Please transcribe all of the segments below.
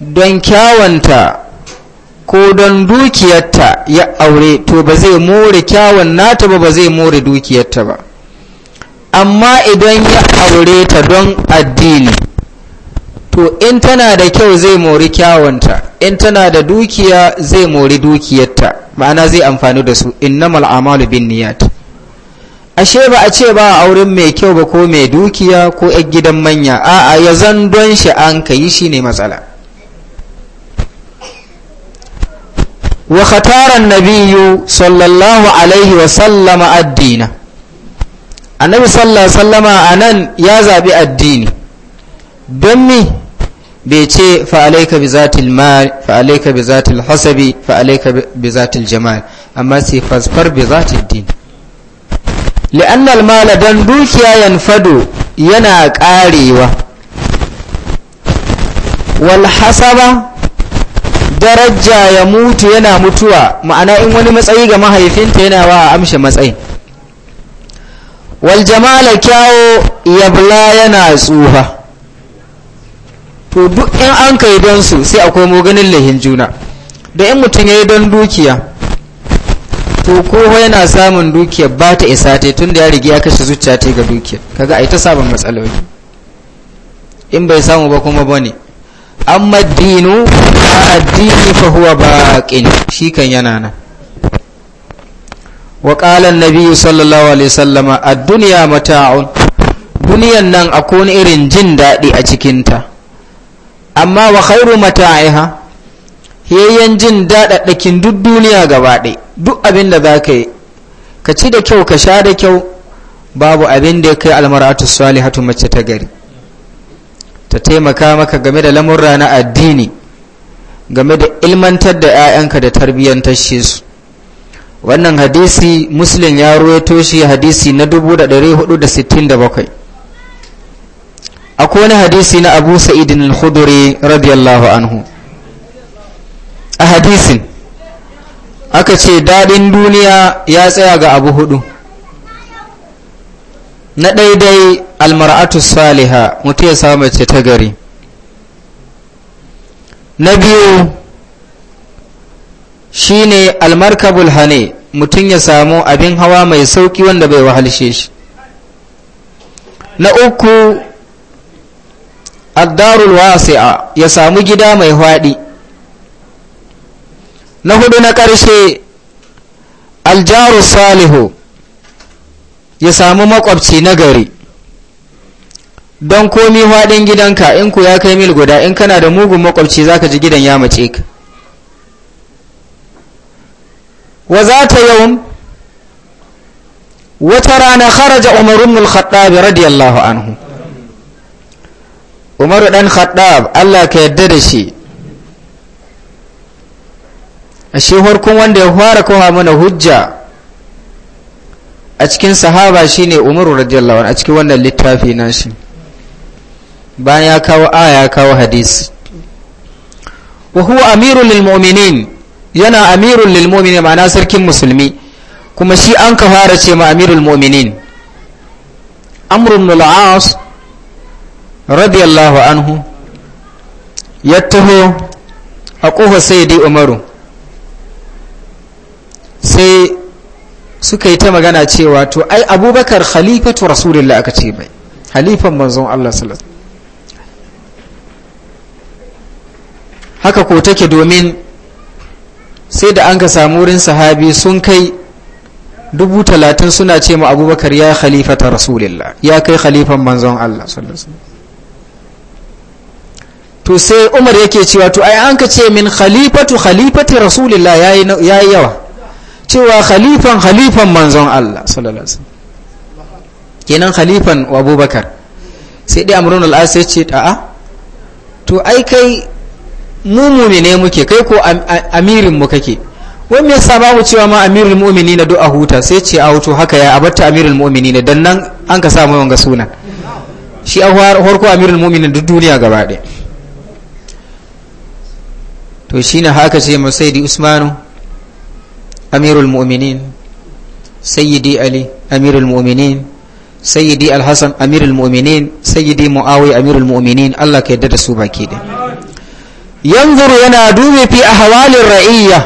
don kyawanta ko don dukiyarta ya aure to ba zai more kyawun nata ba ba zai more dukiyarta ba amma idan ya aure ta don addini to in tana da kyau zai mori kyawanta in tana da dukiya zai mori dukiyarta ma'ana zai amfani da su innamal amalu bin niyat ashe ba a ce ba auren mai kyau ba ko mai dukiya ko 'yan gidan manya a'a ya zan don shi an ka yi shi ne matsala wa khataran nabiyyu sallallahu alaihi wa sallama addina annabi sallallahu alaihi sallama anan ya zabi addini don mi bai ce fa'alaika bi zatil mal fa'alaika bi zatil hasabi fa'alaika bi zatil jamal amma sai fasfar bi din li'annal dukiya yana karewa wal hasaba daraja ya mutu yana mutuwa ma'ana in wani matsayi ga mahaifinta yana wa amshe matsayin wal jamala kyawo yabla yana tsufa to duk in an kai don su sai akwai maganin lahin juna da in mutum ya yi don dukiya to kowa yana samun dukiya ba ta isa ta tun da ya rige ya kashe zuciya ta ga dukiya kaga a ta sabon matsaloli in bai samu ba kuma ba ne amma a addini fahuwa baƙin shi kan yana nan wa qala an-nabi sallallahu alaihi wasallam ad-dunya mata'un duniyan nan a wani irin jin daɗi a cikinta amma wa khairu mata'iha yayyan jin daɗaɗɗakin duk duniya gaba ɗaya duk abin da za ka yi ka ci da kyau ka sha da kyau babu abin da ya kai almaratu salihatu mace ta gari ta taimaka maka game da lamurra na addini game da ilmantar da 'ya'yanka da tarbiyyantar shi su wannan hadisi muslim ya ruwaito shi hadisi na 1467 akwai wani hadisi na abu sa'idin al-khuduri radiyallahu anhu a hadisin aka ce daɗin duniya ya tsaya ga abu hudu na daidai almar'atu saliha mutu ya samu ce ta gari na biyu shine almarkabul hane mutum ya samu abin hawa mai sauki wanda bai wahalshe shi na uku addarul wasi'a ya samu gida mai hwaɗi na hudu na ƙarshe aljaru salihu ya samu makwabci na gari don komi haɗin gidanka in ku ya kai mil guda in kana da mugun makwabci ka ji gidan ya mace ka wa za ta yau wata rana kharaja umarun bi radiyallahu anhu umaru ɗan khaɗab allah ka yadda da shi a shi harkun wanda ya fara kowa mana hujja a cikin sahaba shine Umar radiyallahu anhu a cikin wannan littafi nashi bayan ya kawo aya ya kawo hadisi wa huwa amirul lil mu'minin yana amirul lil mu'minin ma'ana sarkin musulmi kuma shi an ka fara ce ma amirul mu'minin amr ibn al-as radiyallahu anhu ya a ƙofa sai umaru sai suka yi ta magana cewa to ai abubakar khalifatu rasulullah aka ce bai halifan manzon Allah sallallahu haka ko take domin sai da an ka samu wurin sahabi sun kai dubu talatin suna ce ma abubakar ya khalifata rasulullah ya kai khalifan manzon Allah to sai umar yake cewa to ai an ka ce min khalifatu khalifati rasulullah yayi yawa cewa khalifan khalifan manzon Allah sallallahu alaihi kenan khalifan wa Abubakar sai dai Amrun al-As ya ce a'a to ai kai mu mu'mine muke kai ko amirin mu kake wai me yasa babu cewa ma amirul mu'minina du'a huta sai ce a hutu haka ya abatta amirul mu'minina dan nan an ka samu wanga sunan shi a harko amirul mu'minin duk duniya gaba ɗaya to shine haka ce di usmanu amirul mu'minin sayyidi ali amirul mu'minin sayyidi alhassan amirul mu'minin sayyidi muawiya amirul mu'minin Allah ka yadda da su baki da yanzuru yana dubi fi ahwalir ra'iyya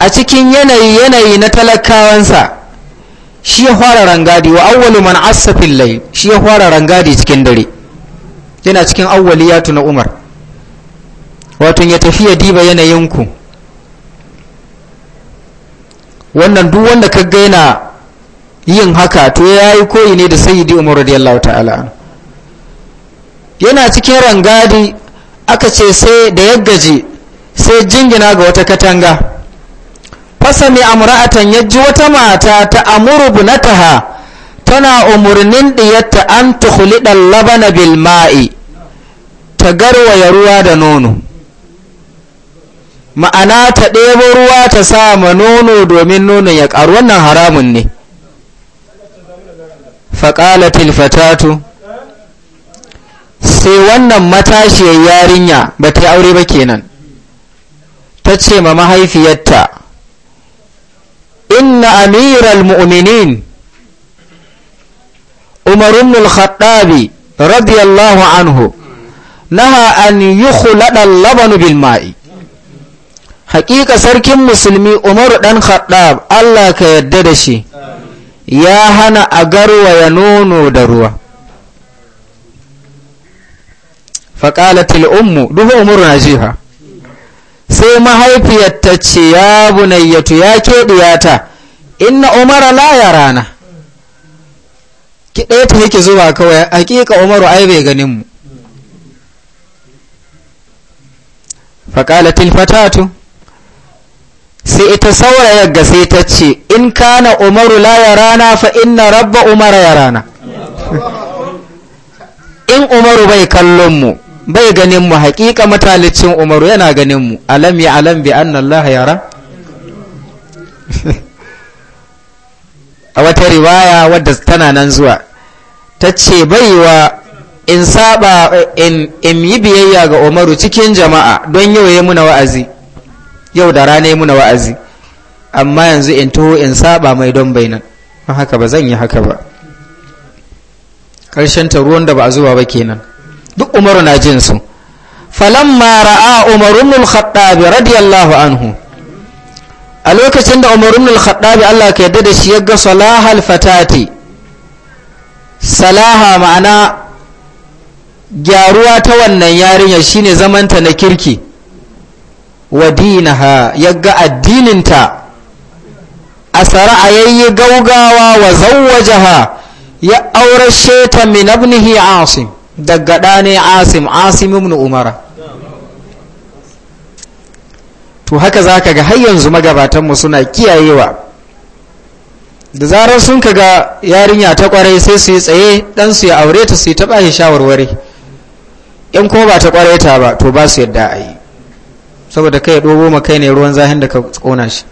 a cikin yanayi yanayi na talakawansa shi ya fara rangadi wa awwalu man assa fil layl shi ya fara rangadi cikin dare yana cikin awwaliyatu na Umar wato ya tafi ya diba yanayinku wannan duk wanda ka gaina yin haka to ya yi koyi ne da sayyidi umar radiyallahu ta'ala yana cikin rangadi aka ce sai da ya gaji sai jingina ga wata katanga fasami amuratan ya ji wata mata ta amuru bunataha tana umarnin diyatta an dan labana bilma'i ta garwaya ruwa da nono ma'ana ta ɗebo ruwa ta sa ma nono domin nonon ya ƙaru wannan haramun ne faƙalatil fatatu sai wannan matashiyar yarinya ba ta aure ba kenan ta ce ma mahaifiyarta inna amiral mu'minin umar ibn radiyallahu anhu naha an yukhlada al-labanu bil ma'i haƙiƙa sarkin musulmi umaru ɗan khaddab Allah ka yadda da shi ya hana a garwa ya nono da ruwa faƙalatil ummu duhu umaru na jiha sai mahaifiyar ce ya bunayyatu ya ke ɗiyata inna umara la ya rana ki ta yake zuwa kawai hakika umaru ai bai ganin mu faƙalatil fatatu sai ita saurayar ga sai ta ce in kana umaru la ya rana fa inna rabba umara ya rana in umaru bai kallon mu bai ganin mu haƙiƙa matalicin umaru yana ganin mu alam ya alam bi anna ya yara a wata riwaya wadda tana nan zuwa ta ce baiwa in saba in yi biyayya ga umaru cikin jama'a don yau ya muna wa'azi yau da rana muna wa'azi amma yanzu in taho in saba mai don bainan don haka ba zan yi haka ba karshen ta ruwan da ba a zuwa ba kenan duk umaru na jin su falamma ra'a a ibn al radiyallahu anhu a lokacin da umarun ibn Allah ka yarda da shi ya ga salahal fatati salaha ma'ana gyaruwa ta wannan yarinya shine zamanta na kirki wa dinaha ga addininta a yayi gaugawa wa zawwajaha ya aure sheta min ibnihi asim daga ɗane asim asim ibn umara to haka zaka ga har yanzu magabatanmu suna kiyayewa da zarar sun ga yarinya ta kwarai sai su yi tsaye dan su ya aure ta su yi ta shawarwari in kuma ba ta kwarai ta ba to ba su yadda a yi saboda kai dogo ma kai ne ruwan zahin da ka kona shi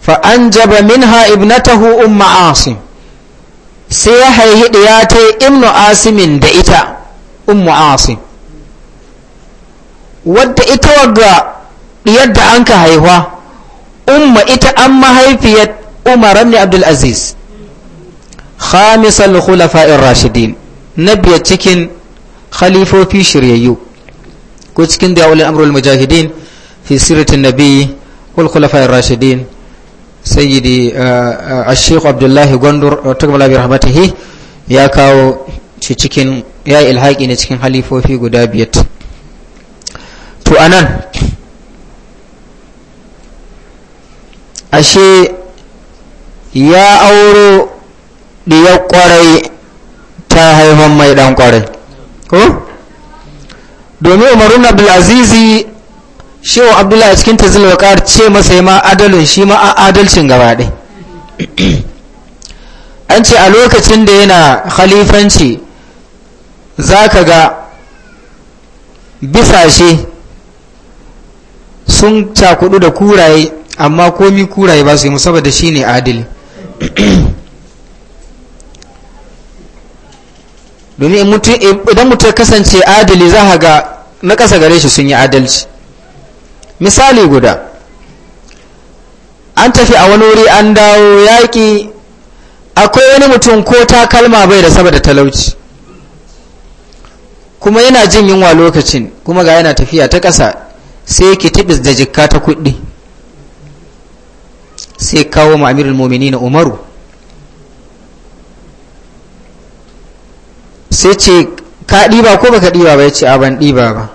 fa an jaba min minha ibnatahu umma asim sai ya haihi ya ta ibnu asimin da ita umma asim wadda ita wadda yadda an ka haihuwa umma ita an mahaifiyar umar ibn abdul aziz khamisal khulafa'ir rashidin na biyar cikin khalifofi shiryayyu ko cikin da yawon amrul mujahidin fi siratin nabi wal khulafa'ir rashidin sayidi uh, uh, a shaykh Abdullahi gondur uh, takbala bi ya kawo shi cikin ya ilhaki ne cikin halifofi guda biyar to anan ashe ya auro ya kwarai ta haifan mai dan kwarai ko domin umaru na bulazizi shehu abdullahi a cikin tazilwakar ce masa ma adalin shi ma adalcin gaba an ce a lokacin da yana khalifanci za ka ga bisashe sun cakudu da kuraye amma komi kuraye ba su yi musamman da shi ne adali domin idan mutum kasance adali za ga na ƙasa gare shi sun yi adalci misali guda an tafi a wani wuri an dawo yaƙi akwai wani mutum ko takalma bai da saboda talauci kuma yana jin yunwa lokacin kuma ga yana tafiya ta ƙasa sai ki tibis da jikka ta kuɗi sai kawo ma'amirin momini na umaru sai ce ka ɗiba ko baka ɗiba ba ya ce a ban ɗiba ba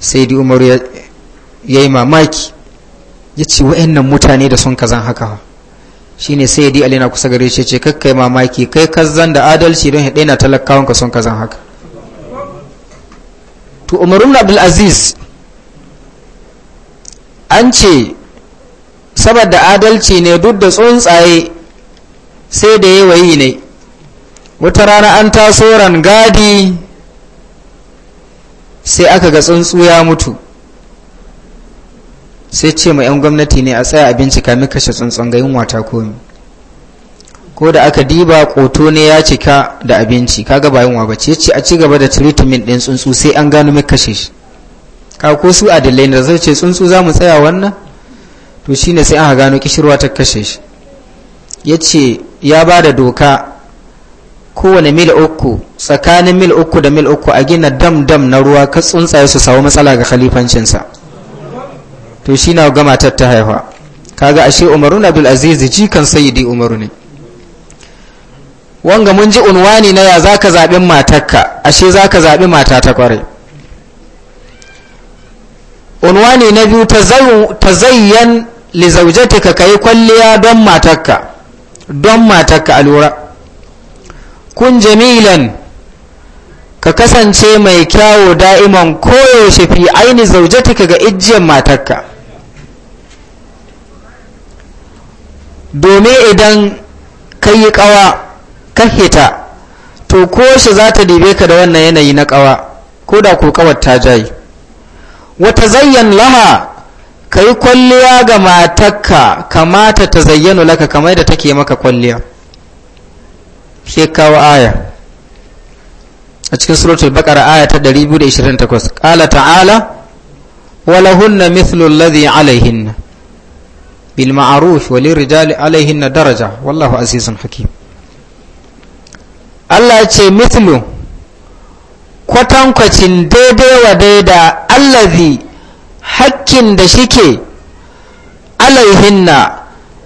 sai di umaru ya yi mamaki ya ce wa'annan mutane da sun kazan haka shi ne sai di alina kusa gare shi ce kakkai mamaki kai kazan da adalci don ya daina talakawan sun kazan haka to umaru abdulaziz an ce saboda adalci ne duk da tsuntsaye sai da yawayi ne wata rana an taso rangadi sai aka ga tsuntsu ya mutu sai ce ma 'yan gwamnati ne a tsaya abinci bincika kashe tsuntsun ga yunwa ta komi ko da aka diba koto ne ya cika da abinci kaga ba yunwa ba ce ce a ci gaba da treatment din tsuntsu sai an gano mai kashe shi ka ko su adalai ne da zai ce tsuntsu za mu tsaya wannan to shine sai aka gano kishirwa ta kashe shi ya ce ya ba da doka kowane mil uku tsakanin mil uku da mil uku a gina dam dam na ruwa ka tsuntsaye su samu matsala ga khalifancinsa to shi na gama ta haifa kaga ashe na bil aziz jikan sayyidi umaru ne wanga mun ji unwani na ya zaka zaɓi matarka ashe zaka zaɓi mata ta kware unwani na biyu ta zayyan li zaujatika kai kwalliya don matarka don matarka alura kun jamilan ka kasance mai kyawo da'iman koyaushe fi aini zaujatika ga ijiyar matarka domin idan ka yi kawa ka hita to koyaushe za ta dibe ka da wannan yanayi na kawa ko da ko kawar ta jayi wata zayyan laha ka yi kwalliya ga matarka kamata ta zayyano laka kamar da take maka kwalliya sai kawo aya a cikin suratul baqara aya ta 228 qala ta'ala walahunna mithlu alladhi alaihinna bil ma'ruf wa lirijali alaihinna daraja wallahu azizun hakim Allah ya ce mithlu kwatankwacin daidai wa daida allazi hakkin da shike alaihinna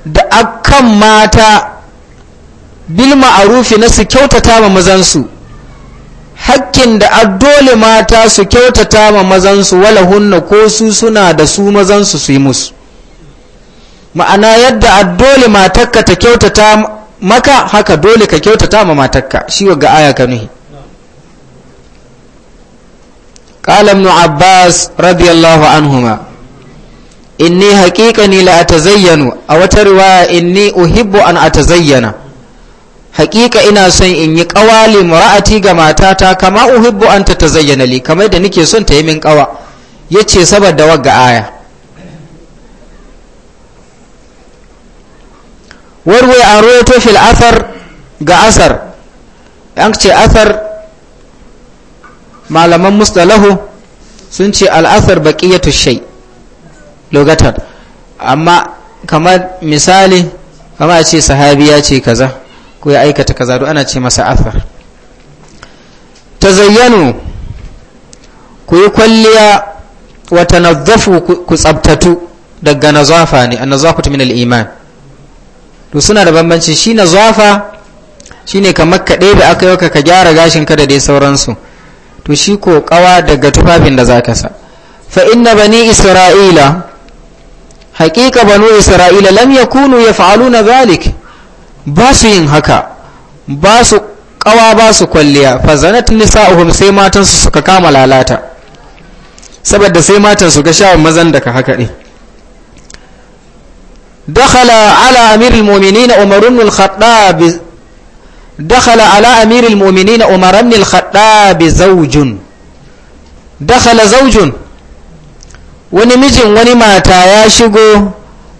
da akan mata bil ma'arufi na su kyautata ma mazansu hakkin da addole mata su kyautata ma mazansu wala hunna ko su suna da su mazansu su yi musu ma'ana yadda addole matakka ta kyautata maka haka dole ka kyautata ma matakka shi ga aya ka nuhi قال ابن عباس رضي الله عنهما إني حقيقة لا أتزين أو تروى إني أحب أن أتزين haƙiƙa ina son in yi kawali mura'ati ga matata kama uhibbu an ta zayyana li kamar da nake son ta yi min ƙawa ya ce saboda wagga aya warwe a roto fil athar ga asar an ce athar malaman mustalahu sun ce al'athar baqiyatu shay logatar amma kamar misali kamar ce sahabiya ce kaza ko ya aikata kaza ana ce masa athar zayyano ku yi kwalliya wata nazafu ku tsabtatu daga nazafa ne a nazafu min al-iman to suna da bambanci shi nazafa shine kamar ka ɗebe aka yau ka gyara gashin ka da dai sauransu to shi ko kawa daga tufafin da ka sa fa inna bani isra'ila ba banu isra'ila lam yakunu yaf'aluna zalik ba su yin haka ba su kawa ba su kwalliya fazanat nisa'uhum sai matan su suka kama lalata saboda sai matan su ga shawar mazan daga haka ne dakhala ala amirul mu'minin umar ibn al-khattab dakhala ala amirul mu'minin umar ibn al-khattab zawjun dakhala zawjun wani mijin wani mata ya shigo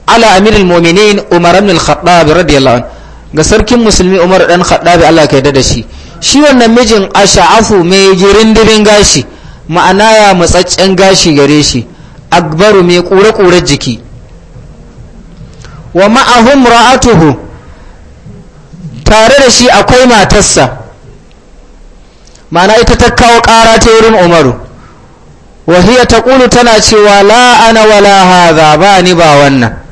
ala amirul mu'minin umar ibn al-khattab radiyallahu anhu ga sarkin musulmi umar dan khattabi Allah ka yarda da shi shi wannan mijin asha'afu mai jirindirin gashi ma'ana ya matsaccen gashi gare shi akbaru mai kure-kure jiki wa ma'ahum ra'atuhu tare da shi akwai matarsa ma'ana ita ta kawo kara ta wurin umaru wahiya ta tana cewa la'ana wala hadha ba ni ba wannan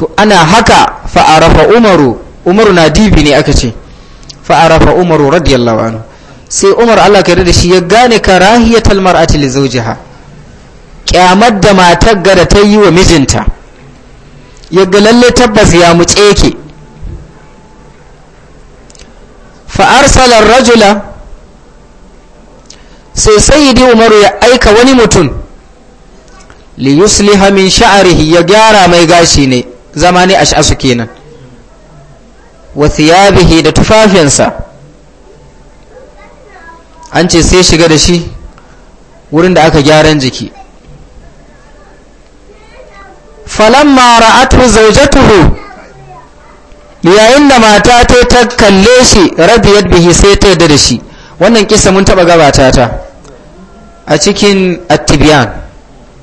to ana haka fa'arafa umaru umaru na dibi ne aka ce fa'arafa umaru radiyallahu anhu sai umar Allah ka da shi ya gane karahiyatal talmar li zawjiha kyamar da matar gada ta yi wa mijinta ya ga lalle tabbas ya mutse yake fa'arsalar rajula sai sayidi umaru ya aika wani mutum li yusliha min ya gyara mai gashi ne zama ne ash'asu kenan wa thiyabihi da tufafinsa an ce sai shiga da shi wurin da aka gyaran jiki falamma ra'atu zawjatuhu yayin da mata ta ta kalle shi radiyat bihi sai ta yarda da shi wannan kisa mun taba gabata ta a cikin at-tibyan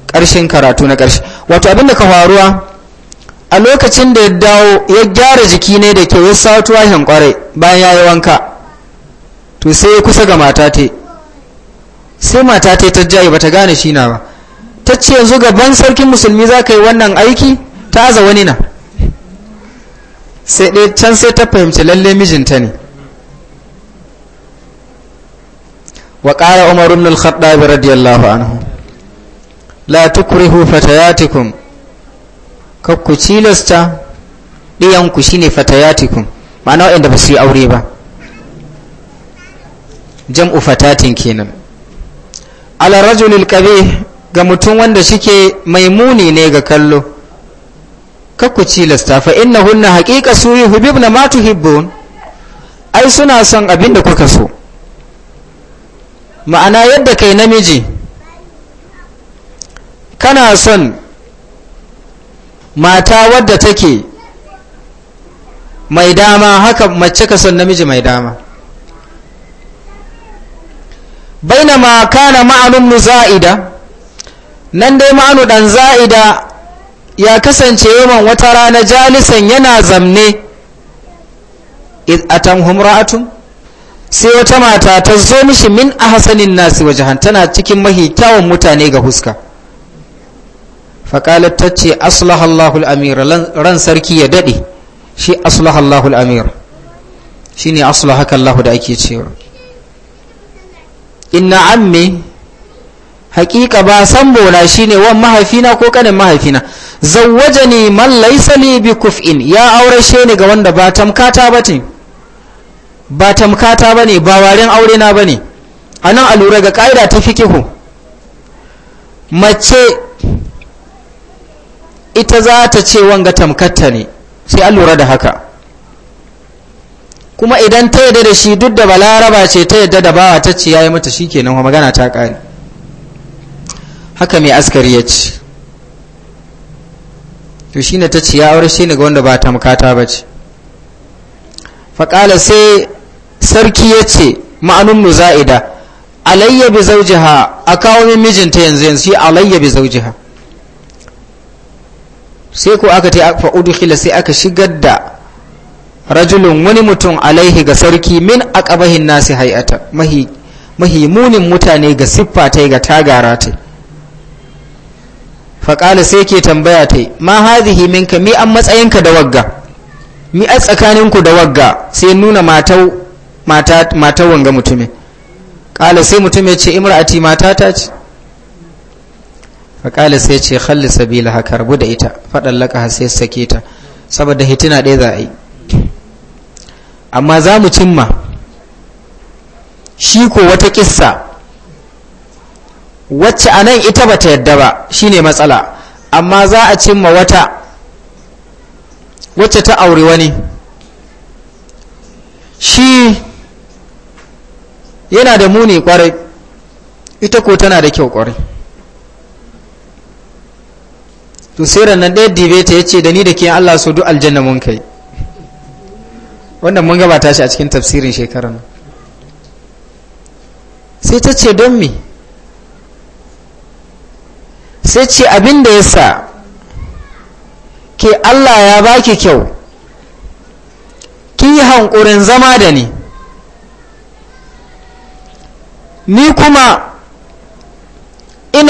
karshen karatu na karshe wato abinda ka faruwa a lokacin da ya dawo ya gyara jiki ne da kyau ya satuwa wahin kwarai bayan ya yi wanka to sai ya kusa ga mata te sai mata te ta jaye ba ta gane shi na ba ta ce yanzu gaban sarkin musulmi za ka yi wannan aiki ta aza wani na sai ɗaya can sai ta fahimci lalle mijinta ne wa ƙara umar ibn al radiyallahu anhu la tukrihu fatayatikum kakku cilasta ɗiyanku shine fatayatikun ma'ana waɗanda ba su yi aure ba jam'u fatatin kenan ala rajulil kabe ga mutum wanda shike maimuni ne ga kallo kakku cilasta fa inna hunna haƙiƙa su yi na matu hibbon. ai suna son abin da kuka so ma'ana yadda kai namiji kana son mata wadda take mai dama haka mace ka san namiji mai dama ma kana ma'anun za'ida nan dai ma'anu dan za'ida ya kasance yawan wata rana jalisan yana zamne A atan humra'atun sai wata mata ta zo mishi min a hasanin nasi wajahan tana cikin mahi kyawun mutane ga huska faƙalar ta ce aslahallahul amir ran sarki ya daɗe shi aslahallahul amir shi ne aslahakallahu da ake cewa inna amme haƙiƙa ba san bona shi ne wan mahaifina ko ƙanin mahaifina zauwaje ne man laisa bi kuf'in ya aure shi ni ga wanda ba tamkata ba ne ba tamkata ba ne ba waren aure na ba ne a nan a lura ga ƙa'ida ta fi kihu mace ita za ta ce wanga tamkatta ne sai an lura da haka kuma idan ta yadda da shi duk da balaraba ce ta yadda da bawa ta ce yi mata kenan kuma magana ta ƙari haka mai askari ya ce to shi ne ta ce ya aure shi ne ga wanda ba tamkata ba ce faƙala sai sarki ya ce ma'anun za'ida alayyabi zaujiha a kawo mijinta yanzu yanzu shi alayyabi zaujiha sai ko aka ta fa udkhila sai aka shigar da rajulun wani mutum alaihi ga sarki min aqabahin nasi hay'ata mahi mahimunin mutane ga siffa ta ga tagara ta faƙala sai ke tambaya ta ma hazihi minka mi an matsayinka da wagga mi a tsakaninku da wagga sai nuna matau mata mata wanga mutumin ƙala sai mutumin ya ce imra'ati matata ce faƙali sai ce halli sabila haka rabu da ita faɗan laka sai sake ta saboda hitina ɗaya za a yi amma za mu cimma shi ko wata ƙissa wacce a nan ita ba ta yadda ba shine matsala amma za a cimma wata wacce ta auri wani shi yana da muni ƙwarai ita ko tana da kyau ƙwarai. to sai ranar ɗaya dibe ta ya ce da ni da ke Allah so duk aljanna mun kai wannan mun gabata shi a cikin tafsirin shekaran sai ta ce don me sai ce abin da yasa ke Allah ya baki kyau kin hankurin zama da ni ni kuma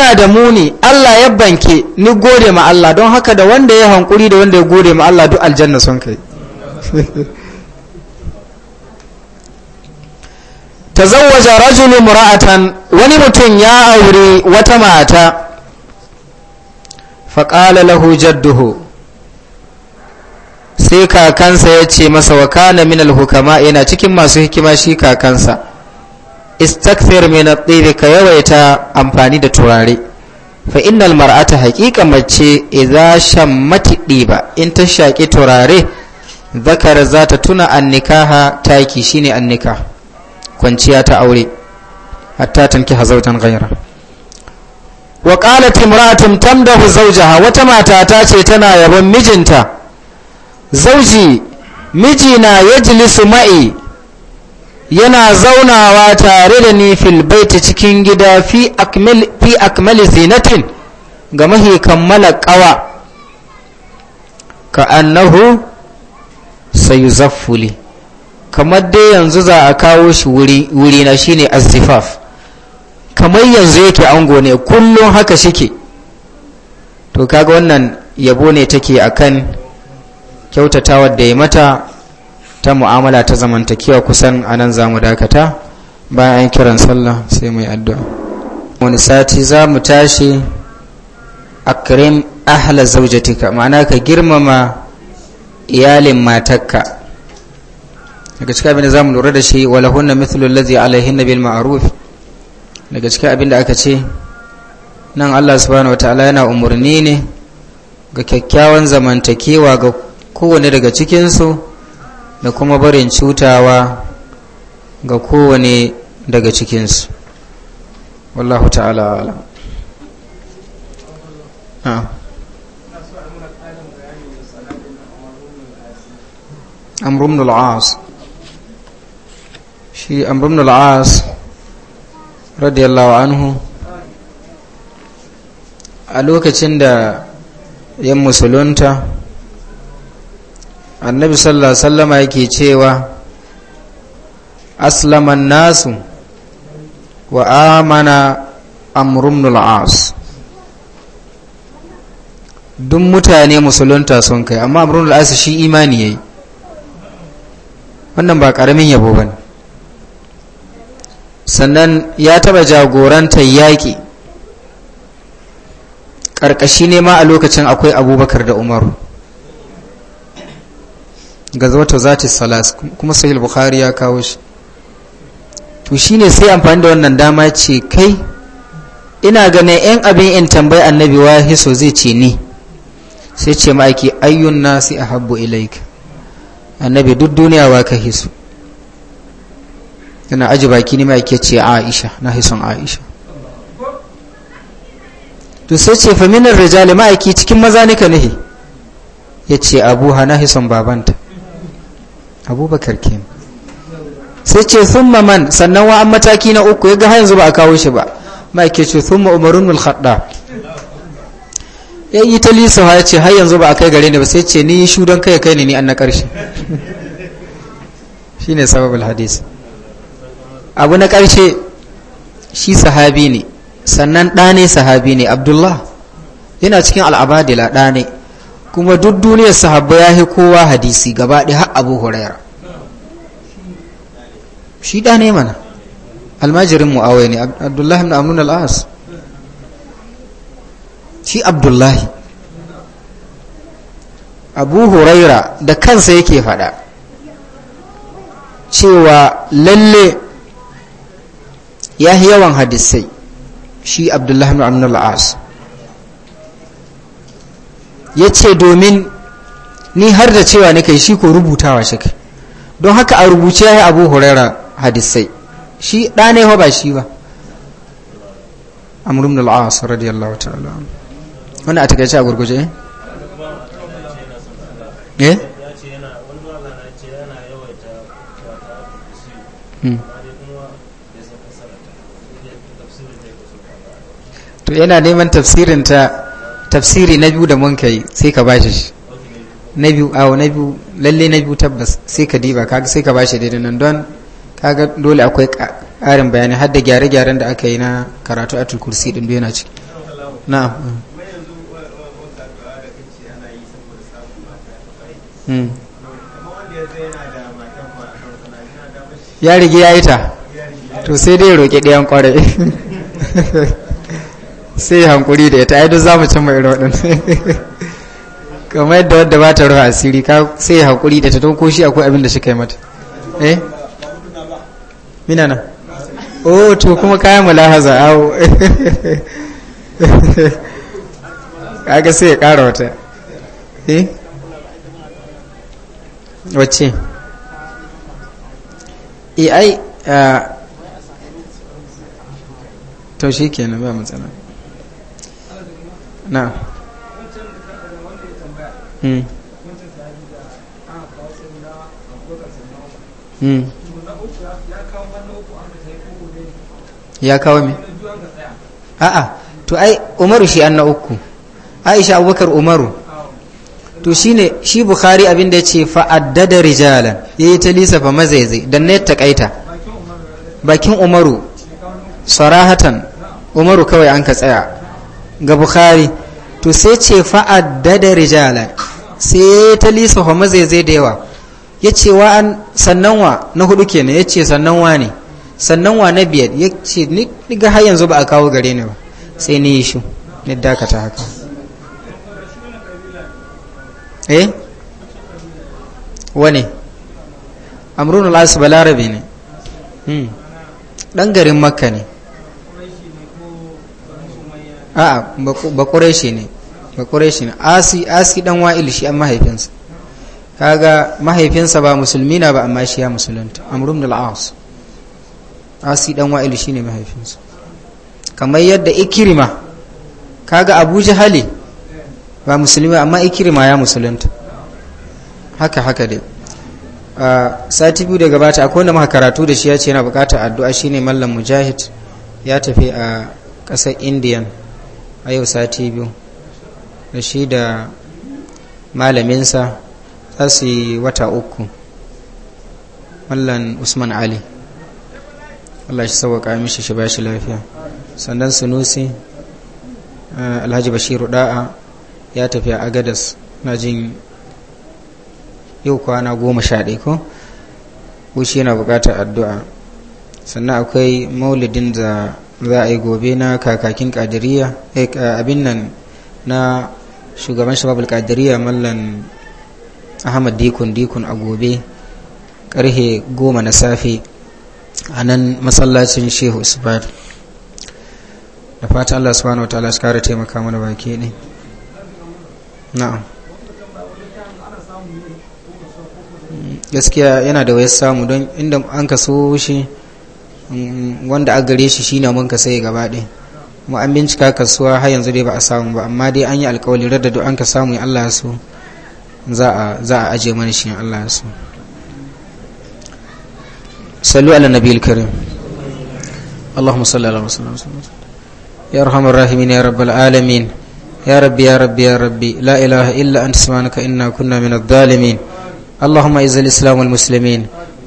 kana da muni Allah ya banke ni gode ma Allah don haka da wanda ya hankuri da wanda ya gode ma Allah duk aljanna sun kai tazawwaja rajulun mura'atan wani mutum ya aure wata mata faƙala lahu jadduhu sai kakansa ya ce masa wa kana min alhukama yana cikin masu hikima shi kakansa istakfir min at ka yawaita amfani da turare fa innal mar'ata haqiqa mace idza shammati diba in ta shaki turare zakar za ta tuna annikaha taki shine annika kwanciya ta aure hatta tanki hazautan ghaira wa qalat imra'atun tamdahu zawjaha wata mata ta ce tana yabon mijinta zauji mijina yajlisu ma'i yana zaunawa tare da ni fil cikin gida fi akmal fi akmal zinatin ga mahi kammala qawa ka annahu sayuzaffuli kamar dai yanzu za a kawo shi wuri wuri na shine azifaf kamar yanzu yake ango ne kullum haka shike to kaga wannan yabo ne take akan kyautatawar da ya mata ta mu'amala ta zamantakewa kusan a nan za mu dakata bayan an kiran sallah sai mai addu'a wani sati za mu tashi a kirin ahla zaujatika ma'ana ka girmama iyalin matakka daga cikin abin da za mu lura da shi hunna mithlu allazi alaihin nabil ma'ruf daga cikin abin da aka ce nan Allah subhanahu wataala yana umarni ne ga kyakkyawan zamantakewa ga kowane daga cikinsu da kuma barin cutawa ga kowane daga cikinsu wallahu ta'ala ala ah. amrun al'as shi amrun radiyallahu anhu a lokacin da yan musulunta annabi sallallahu alaihi wasallama yake cewa aslaman nasu wa amana amrumnul duk mutane musulunta sun kai amma amrumnul as shi imani yayi wannan ba karamin yabo bane sannan ya taba jagorantar yaƙi ƙarƙashi ne ma a lokacin akwai abubakar da umaru ga gazwatu zati salas kuma sahih bukhari ya kawo shi to shine sai amfani da wannan dama ce kai ina ganin yan abin in tambayi annabi wa hiso zai ce ni sai ce ma'aiki ayyun nasi ahabbu ilaika annabi duk duniya wa ka hiso yana aji baki ne ma'aiki ce aisha na hison aisha to sai ce faminar rijali ma'aiki cikin maza nika nahi ya ce abu na hison babanta abubakar kim sai ce sun man sannan wa an mataki na uku ya ga yanzu ba a kawo shi ba ma ke ce ma umarun al-khattab ya yi ta lisa ya ce har yanzu ba a kai gare ne ba sai ce ni yi shu don kai kai ne ni an na karshe shi ne sababul hadis abu na karshe shi sahabi ne sannan ɗane sahabi ne abdullah yana cikin al'abadila ɗane kuma duk duniyar sahabba ya yi kowa hadisi gaba ɗaya har abu huraira shi ɗa ne mana almajirin mu'awai ne abdullahi na amnun al'as shi abdullahi abu huraira da kansa yake faɗa cewa lalle ya yi yawan hadisai shi abdullahi na amnun al'as ya ce domin ni har da cewa kai shi ko rubutawa shi don haka a rubuce ya yi abu hurera hadisai shi ɗane ba shi ba amurin da al'as radiyallahu ta'ala wani a takaice a gurguje eh, eh? Hmm. to yana neman tafsirinta tafsiri na biyu da mun kai sai ka bashi shi na biyu awo na biyu lalle na biyu tabbas sai ka diba kaga sai ka bashi daidai nan don kaga dole akwai ƙarin bayani har da gyare-gyaren da aka yi na karatu a kursi din yana ciki na'am hmm. ya rigi ya yi ta to sai dai roƙe ɗayan ƙwarai sai ya hankuri da ita ai duk za mu cimma irin waɗannan kamar yadda wadda ba ta ruwa asiri ka sai ya hankuri da ta don koshi akwai abin da shi kai mata eh mina na oh to kuma kayan mulahaza awo kaga sai ya kara wata eh wacce eh, ai ah, to shi kenan ba matsala na hmm. Hmm. ya kawo me a'a to ai umaru shi an na uku aisha abubakar umaru to shi bukhari shi bukari abinda ce fa'addada rijala ya yi ta lisafa mazaizai don na yadda kaita bakin umaru sarahatan umaru kawai an ka tsaya ga bukhari to sai ce fa'addada rijala sai ta lisa zai zai da yawa ya ce wa an sannan wa na hudu kenan ya ce sannan wa ne sannan wa na biyar ya ce ni ga har yanzu ba a kawo gare ni ba sai ni yi shi ni dakata haka eh wane amrun al-asbalarabi ne dan hmm. garin makka ne a'a ba ƙureshi ne ba ƙureshi ne asi asi dan wa'il shi an mahaifinsa kaga mahaifinsa ba musulmi na ba amma shi ya musulunta amrun al-aas asi dan wa'il shi ne mahaifinsa kamar yadda ikirima kaga abu jahali ba musulmi amma ikirima ya musulunta haka haka dai sati biyu da gabata akwai wanda muka karatu da shi ya ce yana bukatar addu'a shine mallam mujahid ya tafi a ƙasar Indian. a yau sati biyu da shi da malaminsa za su yi wata uku mallan usman ali Allah shi sauwaka mishi shi bashi lafiya sannan sunusi eh, alhaji bashiru da'a ya tafi a gadas na jin yau kwana goma sha ɗaya ko wuce yana buƙatar addu'a sannan akwai maulidin da za a yi gobe na kakakin kadiriya eh, abin nan na shugaban shababul kadiriya mallan ahmad dikun dikun a gobe karhe goma na safe a nan masallacin shehu usman da fata allah subhanahu wa ta'ala su kara taimaka mana baki ne na'am gaskiya yana da wayar samu don inda an kaso shi wanda a gare shi shine mun ka sai gaba ɗin mu an bincika kasuwa har yanzu dai ba a samu ba amma dai an yi alkawali radda duk an ka samu ya Allah ya so za a za a aje mana shi ya Allah ya so sallu ala nabiyil karim اللهم صل على محمد يا ارحم الراحمين يا رب العالمين يا ربي يا ربي يا ربي لا اله الا انت سبحانك انا كنا من الظالمين اللهم اعز الاسلام والمسلمين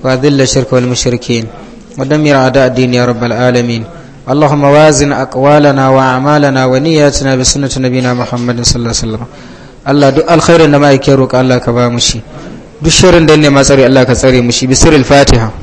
واذل الشرك والمشركين ودمر أعداء الدين يا رب العالمين اللهم وازن أقوالنا وأعمالنا ونياتنا بسنة نبينا محمد صلى الله عليه وسلم Allah duk alkhairin da ma'aike roƙa Allah ka ba mushi duk shirin da ne ma tsare Allah ka tsare mushi bi Fatiha